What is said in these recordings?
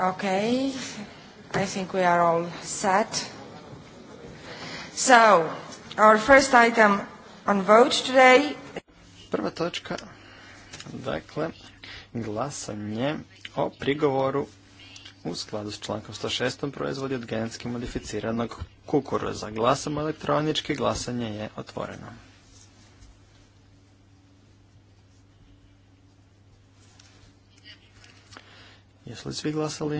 Okay, I think we are all set. So, our first item on vote today. Prva točka, dakle, glasanje o prigovoru u skladu s člankom 106. proizvodi od genetski modificiranog kukuruza. Glasamo elektronički, glasanje je otvoreno. Jesu li svi glasali?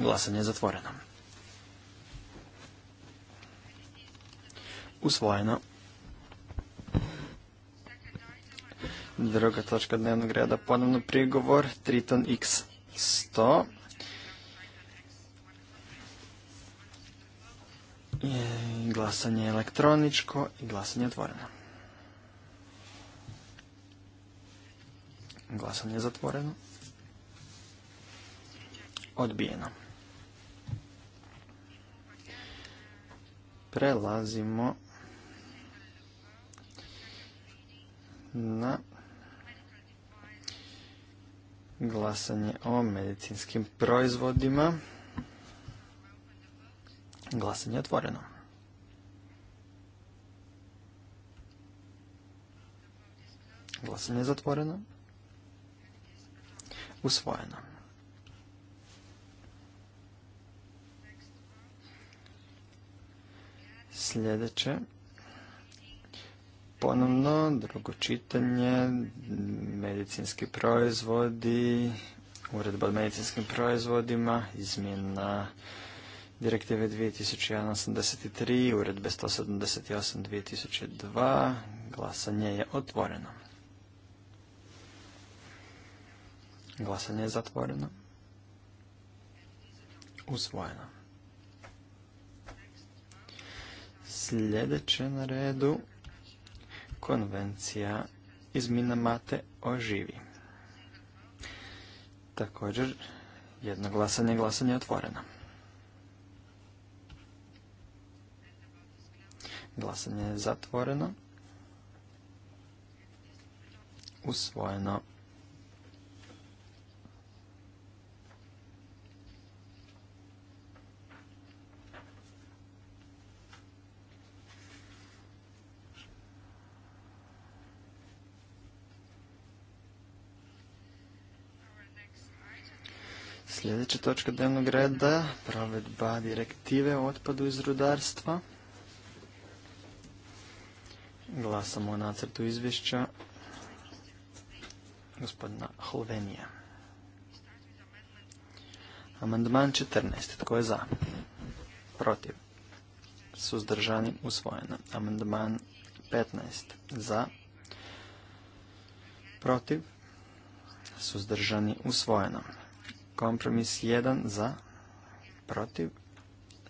Glasanje je zatvoreno. Usvojeno. Druga točka dnevnog reda, ponovno prigovor, Triton X100. glasanje je elektroničko i glasanje je otvoreno. Glasanje je zatvoreno. Odbijeno. Prelazimo na glasanje o medicinskim proizvodima. Glasanje je otvoreno. Glasanje je zatvoreno. Usvojeno. sljedeće. Ponovno, drugo čitanje, medicinski proizvodi, uredba o medicinskim proizvodima, izmjena direktive 2183, uredbe 178 2002, glasanje je otvoreno. Glasanje je zatvoreno. Usvojeno. Sljedeće na redu konvencija iz Minamate o živi. Također, jedno glasanje, glasanje je otvoreno. Glasanje je zatvoreno. Usvojeno. Sljedeća točka dnevnog reda, provedba direktive o otpadu iz rudarstva. Glasamo o nacrtu izvješća gospodina Holvenija. Amandman 14. Tko je za? Protiv. Suzdržani usvojeno. Amandman 15. Za. Protiv. Suzdržani usvojeno. Kompromis 1 za, protiv,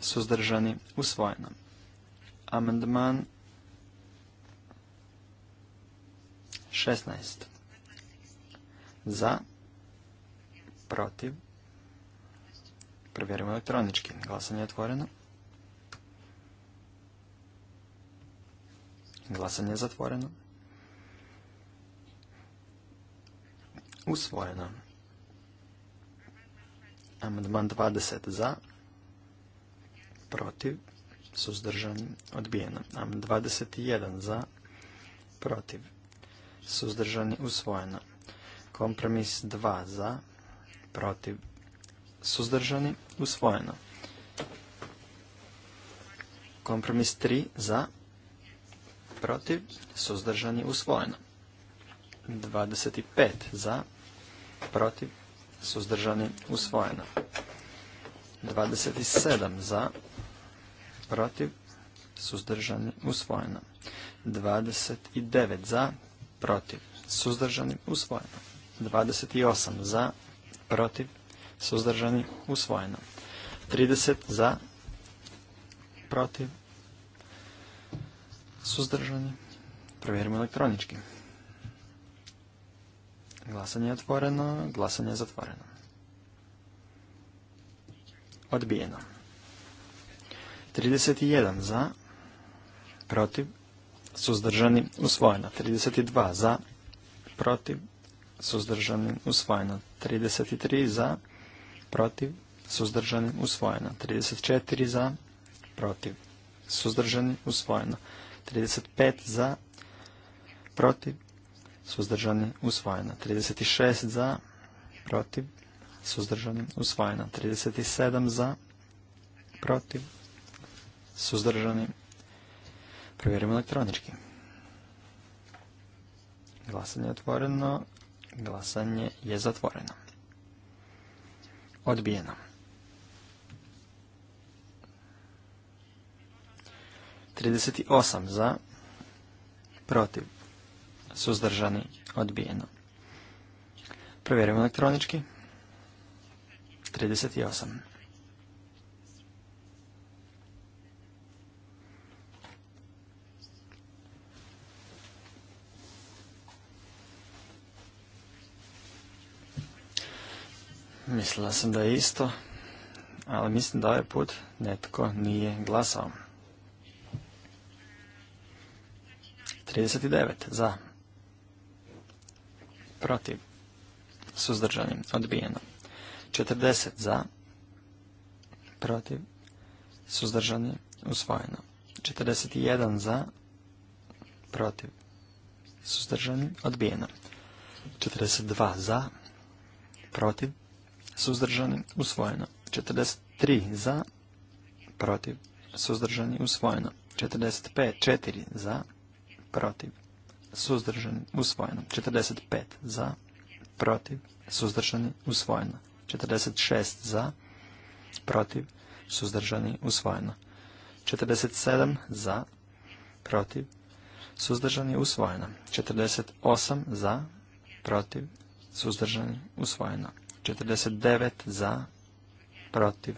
suzdržani, usvojeno. Amandman 16 za, protiv, provjerimo elektronički, glasanje je otvoreno. Glasanje je zatvoreno. Usvojeno. Amandman 20 za, protiv, suzdržan, odbijeno. Amandman 21 za, protiv, suzdržani, usvojeno. Kompromis 2 za, protiv, suzdržani, usvojeno. Kompromis 3 za, protiv, suzdržani, usvojeno. 25 za, protiv, suzdržani, usvojeno. 27 za, protiv, suzdržani, usvojeno. 29 za, protiv, suzdržani, usvojeno. 28 za, protiv, suzdržani, usvojeno. 30 za, protiv, suzdržani, provjerimo elektronički. Glasanje je otvoreno, glasanje je zatvoreno. Odbijeno. 31 za, protiv, suzdržani, usvojeno. 32 za, protiv, suzdržani, usvojeno. 33 za, protiv, suzdržani, usvojeno. 34 za, protiv, suzdržani, usvojeno. 35 za, protiv, suzdržani, usvojena. 36 za, protiv, suzdržani, usvojena. 37 za, protiv, suzdržani. Provjerimo elektronički. Glasanje je otvoreno. Glasanje je zatvoreno. Odbijeno. 38 za, protiv, suzdržani, odbijeno. Provjerujemo elektronički. 38. Mislila sam da je isto, ali mislim da ovaj put netko nije glasao. 39 za protiv, suzdržani, odbijeno. 40 za, protiv, suzdržani, usvojeno. 41 za, protiv, suzdržani, odbijeno. 42 za, protiv, suzdržani, usvojeno. 43 za, protiv, suzdržani, usvojeno. 45, 4 za, protiv, suzdržani, usvojeno. 45 za, protiv, suzdržani, usvojeno. 46 za, protiv, suzdržani, usvojeno. 47 za, protiv, suzdržani, usvojeno. 48 za, protiv, suzdržani, usvojeno. 49 za, protiv,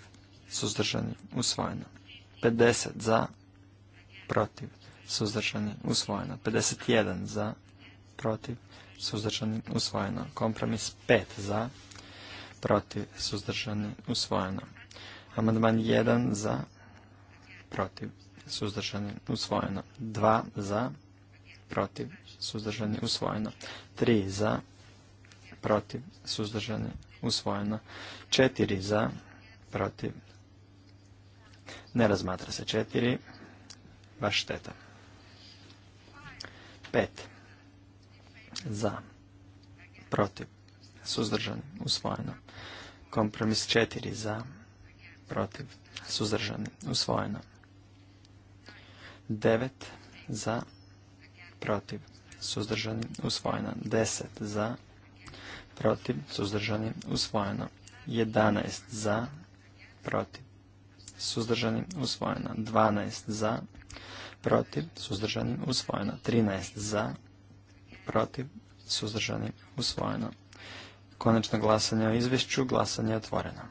suzdržani, usvojeno. 50 za, protiv, suzdržani, usvojeno. 51 za, protiv, suzdržani, usvojeno. Kompromis 5 za, protiv, suzdržani, usvojeno. Amandman 1 za, protiv, suzdržani, usvojeno. 2 za, protiv, suzdržani, usvojeno. 3 za, protiv, suzdržani, usvojeno. 4 za, protiv, ne razmatra se 4, baš šteta. 5. Za. Protiv. Suzdržan. Usvojeno. Kompromis 4. Za. Protiv. Suzdržan. Usvojeno. 9. Za. Protiv. Suzdržan. Usvojeno. 10. Za. Protiv. Suzdržan. Usvojeno. 11. Za. Protiv. Suzdržani. Usvojeno. 12. Za protiv, suzdržani, usvojeno. 13 za, protiv, suzdržani, usvojeno. Konačno glasanje o izvješću, glasanje je otvoreno.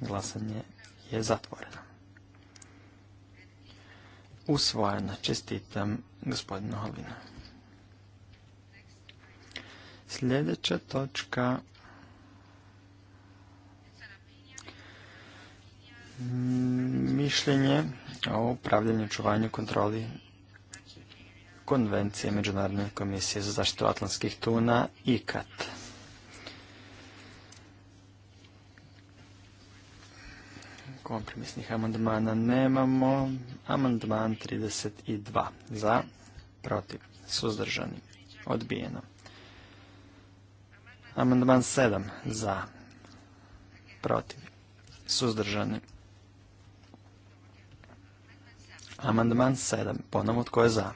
Glasanje je zatvoreno. Usvojeno. Čestitam gospodinu Holvinu. Sljedeća točka mišljenje o upravljanju, čuvanju, kontroli konvencije Međunarodne komisije za zaštitu atlantskih tuna IKAT. Kompromisnih amandmana nemamo. Amandman 32. Za, protiv, suzdržani, odbijeno. Amandman 7. Za, protiv, suzdržani, Amandman 7. Ponovo tko je za?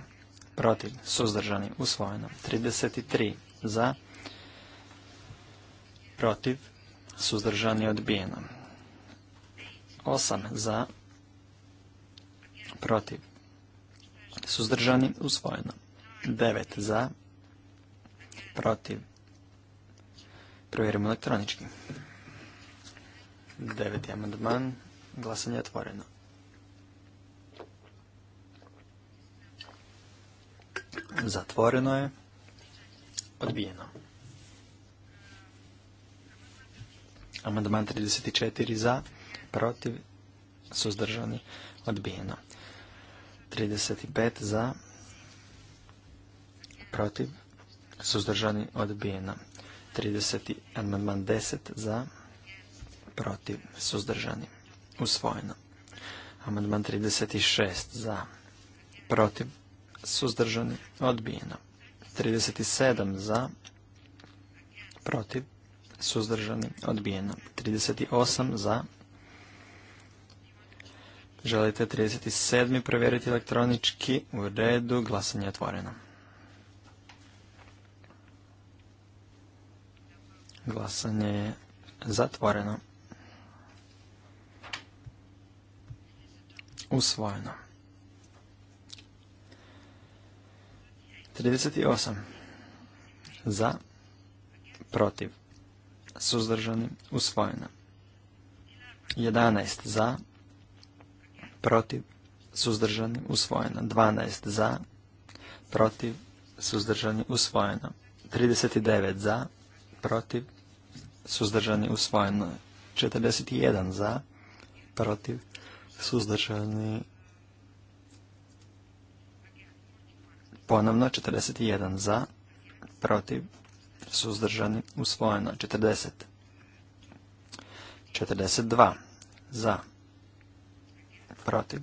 Protiv. Suzdržani. Usvojeno. 33. Za. Protiv. Suzdržani. Odbijeno. 8. Za. Protiv. Suzdržani. Usvojeno. 9. Za. Protiv. Provjerimo elektronički. 9. amandman. Glasanje je otvoreno. Zatvoreno je. Odbijeno. Amandman 34 za, protiv, suzdržani, odbijeno. 35 za, protiv, suzdržani, odbijeno. 30. amandman 10 za, protiv, suzdržani, usvojeno. Amandman 36 za, protiv, suzdržani, odbijeno. 37 za, protiv, suzdržani, odbijeno. 38 za, želite 37. provjeriti elektronički, u redu, glasanje otvoreno. Glasanje je zatvoreno. Usvojeno. 38. Za, protiv, suzdržani, usvojeno. 11 za, protiv, suzdržani, usvojeno. 12 za, protiv, suzdržani, usvojeno. 39 za, protiv, suzdržani, usvojeno. 41 za, protiv, suzdržani, usvojeno Ponovno 41 za, protiv, suzdržani, usvojeno 40. 42 za, protiv,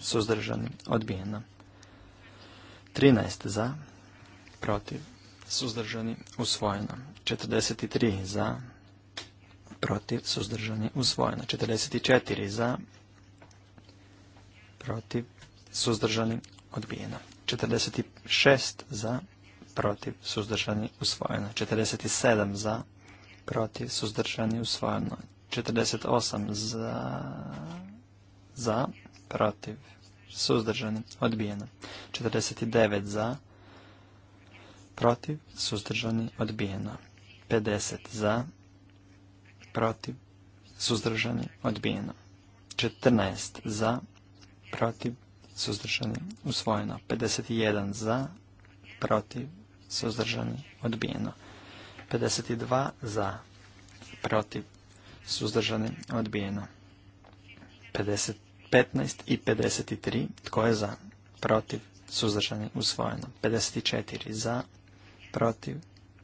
suzdržani, odbijeno. 13 za, protiv, suzdržani, usvojeno. 43 za, protiv, suzdržani, usvojeno. 44 za, protiv, suzdržani, odbijeno. 46 za, protiv, suzdržani, usvojeno. 47 za, protiv, suzdržani, usvojeno. 48 za, za, protiv, suzdržani, odbijeno. 49 za, protiv, suzdržani, odbijeno. 50 za, protiv, suzdržani, odbijeno. 14 za, protiv, suzdržani, usvojeno. 51 za, protiv, suzdržani, odbijeno. 52 za, protiv, suzdržani, odbijeno. 15 i 53, tko je za, protiv, suzdržani, usvojeno. 54 za, protiv,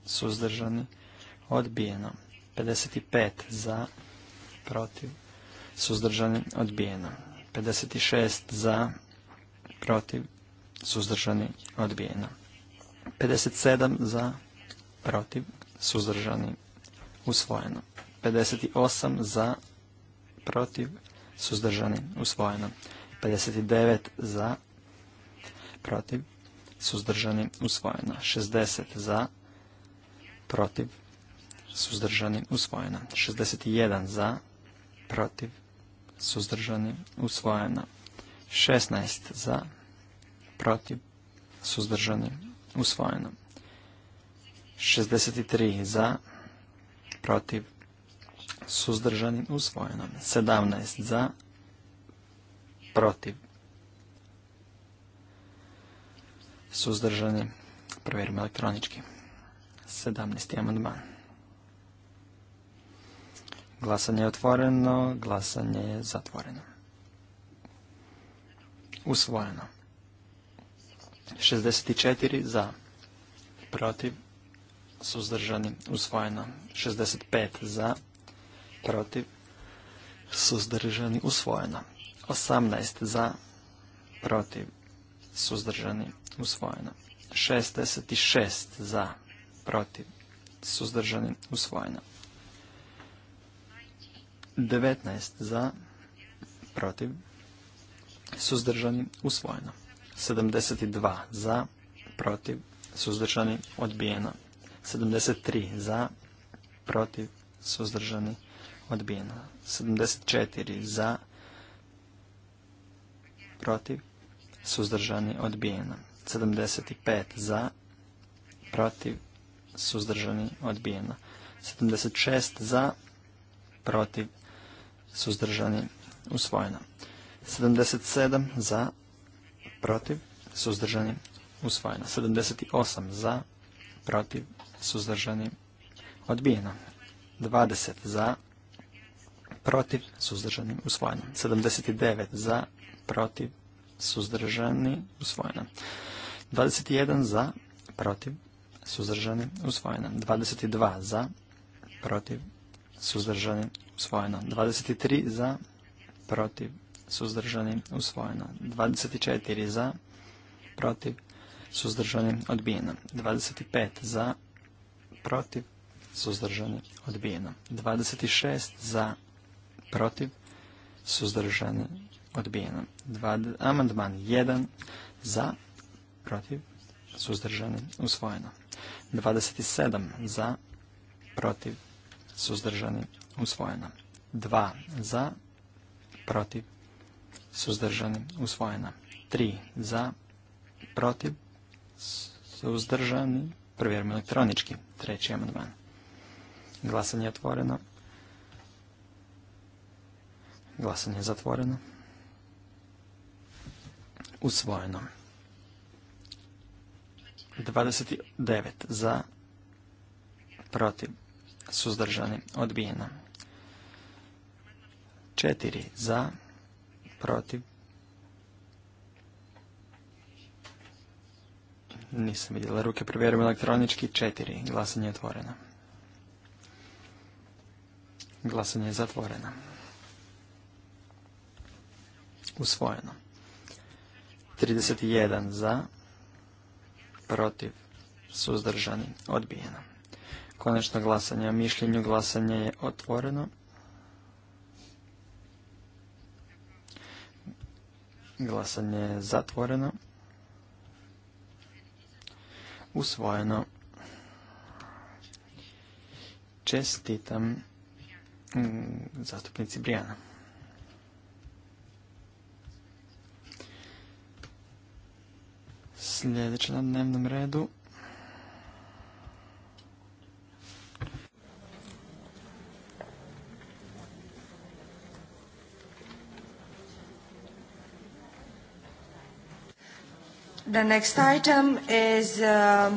suzdržani, odbijeno. 55 za, protiv, suzdržani, odbijeno. 56 za, protiv, suzdržani, odbijeno. 57 za, protiv, suzdržani, usvojeno. 58 za, protiv, suzdržani, usvojeno. 59 za, protiv, suzdržani, usvojeno. 60 za, protiv, suzdržani, usvojeno. 61 za, protiv, suzdržani, usvojeno. 16 za, protiv, suzdržani, usvojeno. 63 za, protiv, suzdržani, usvojeno. 17 za, protiv, suzdržani, provjerimo elektronički. 17. amandman. Glasanje je otvoreno, glasanje je zatvoreno. Usvojeno. 64 za. Protiv. Suzdržani. Usvojeno. 65 za. Protiv. Suzdržani. Usvojeno. 18 za. Protiv. Suzdržani. Usvojeno. 66 za. Protiv. Suzdržani. Usvojeno. 19 za. Protiv suzdržani, usvojeno. 72 za, protiv, suzdržani, odbijeno. 73 za, protiv, suzdržani, odbijeno. 74 za, protiv, suzdržani, odbijeno. 75 za, protiv, suzdržani, odbijeno. 76 za, protiv, suzdržani, usvojeno. 77 za, protiv, suzdržani, usvojeno. 78 za, protiv, suzdržani, odbijeno. 20 za, protiv, suzdržani, usvojeno. 79 za, protiv, suzdržani, usvojeno. 21 za, protiv, suzdržani, usvojeno. 22 za, protiv, suzdržani, usvojeno. 23 za, protiv, suzdržani, usvojeno. 24 za, protiv, suzdržani, odbijeno. 25 za, protiv, suzdržani, odbijeno. 26 za, protiv, suzdržani, odbijeno. Amandman 1 za, protiv, suzdržani, usvojeno. 27 za, protiv, suzdržani, usvojeno. 2 za, protiv, suzdržani, usvojena. 3 za, protiv, suzdržani, provjerimo elektronički, treći amandman. Glasanje je otvoreno. Glasanje je zatvoreno. Usvojeno. 29 za, protiv, suzdržani, odbijeno. 4 za, Protiv. Nisam vidjela ruke, provjerujem elektronički. Četiri. Glasanje je otvoreno. Glasanje je zatvoreno. Usvojeno. 31 za, protiv, suzdržani, odbijeno. Konačno glasanje o mišljenju, glasanje je otvoreno. Glasanje je zatvoreno. Usvojeno. Čestitam mm, zastupnici Brijana. Sljedeće na dnevnom redu The next item is uh,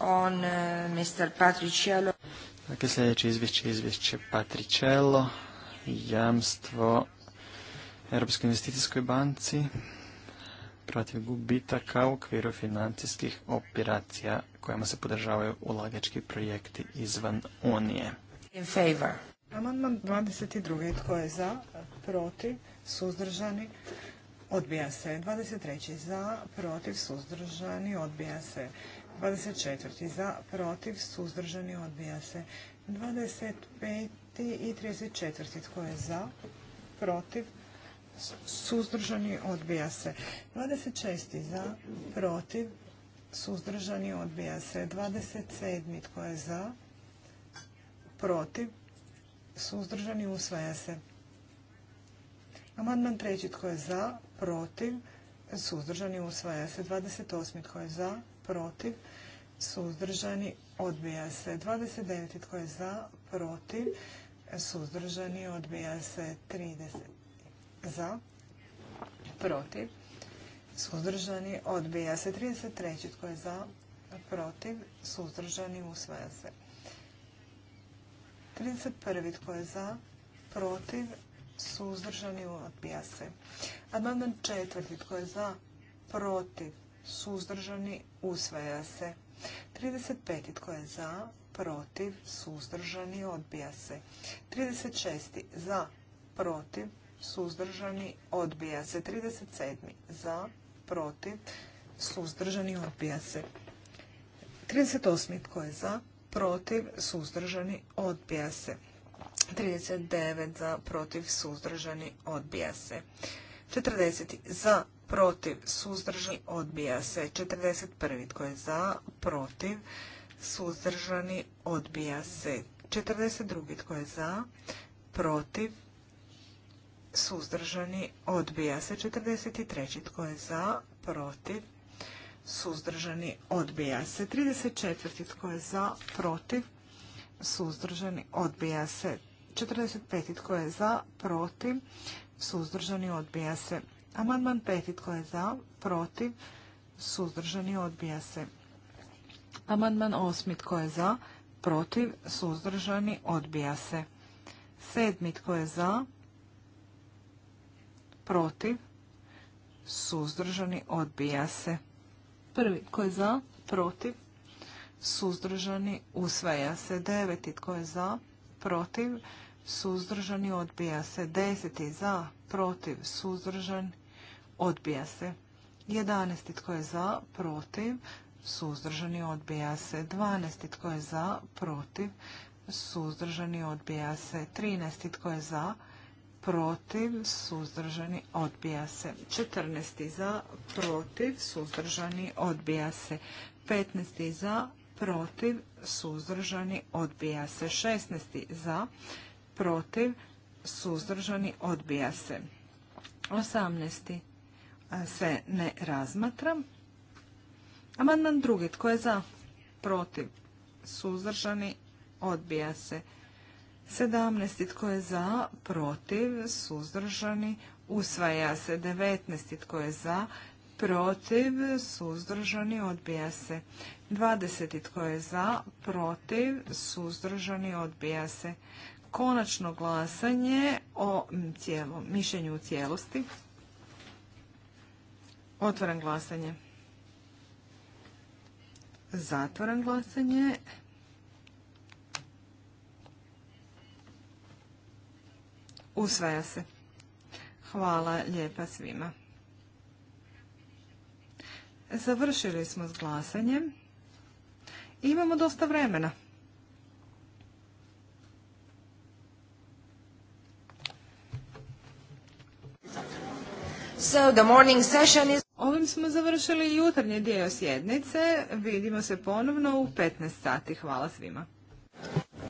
on uh, Mr. Patricello. Dakle, sljedeće izvješće je izvješće Patricello, jamstvo Europskoj investicijskoj banci protiv gubitaka u okviru financijskih operacija kojima se podržavaju ulagački projekti izvan Unije. In favor. Amandman 22. Tko je za? Protiv? Suzdržani? odbija se. 23. za, protiv, suzdržani, odbija se. 24. za, protiv, suzdržani, odbija se. 25. i 34. tko je za, protiv, suzdržani, odbija se. 26. za, protiv, suzdržani, odbija se. 27. tko je za, protiv, suzdržani, usvaja se. Amandman treći tko je za, protiv, suzdržani usvaja se. 28. tko je za, protiv, suzdržani odbija se. 29. tko je za, protiv, suzdržani odbija se. 30. za, protiv, suzdržani odbija se. 33. tko je za, protiv, suzdržani usvaja se. 31. tko je za, protiv, suzdržani, odbija se. Amandman četvrti, tko je za, protiv, suzdržani, usvaja se. 35. tko je za, protiv, suzdržani, odbija se. 36. za, protiv, suzdržani, odbija se. 37. za, protiv, suzdržani, odbija se. 38. tko je za, protiv, suzdržani, odbija se. 39 za, protiv, suzdržani, odbija se. 40 za, protiv, suzdržani, odbija se. 41. Tko je za, protiv, suzdržani, odbija se. 42. Tko je za, protiv, suzdržani, odbija se. 43. Tko je za, protiv, suzdržani, odbija se. 34. Tko je za, protiv, suzdržani, odbija se. 45. Tko je za? Protiv. Suzdržani odbija se. Amandman 5. Tko je za? Protiv. Suzdržani odbija se. Amandman 8. Tko je za? Protiv. Suzdržani odbija se. 7. Tko je za? Protiv. Suzdržani odbija se. 1. Tko je za? Protiv. Suzdržani usvaja se. 9. Tko je za? Protiv suzdržani, odbija se. 10. za, protiv, suzdržan, odbija se. 11. tko je za, protiv, suzdržani, odbija se. 12. tko je za, protiv, suzdržani, odbija se. 13. tko je za, protiv, suzdržani, odbija se. 14. za, protiv, suzdržani, odbija se. 15. za, protiv, suzdržani, odbija se. 16. za, protiv, suzdržani, odbija se. 18. se ne razmatra. Amandman drugi, tko je za, protiv, suzdržani, odbija se. 17. tko je za, protiv, suzdržani, usvaja se. 19. tko je za, protiv, suzdržani, odbija se. 20. tko je za, protiv, suzdržani, odbija se konačno glasanje o mišljenju u cijelosti. Otvaram glasanje. Zatvaram glasanje. Usvaja se. Hvala lijepa svima. Završili smo s glasanjem. Imamo dosta vremena. So the Ovim smo završili jutarnji dio sjednice. Vidimo se ponovno u 15 sati. Hvala svima.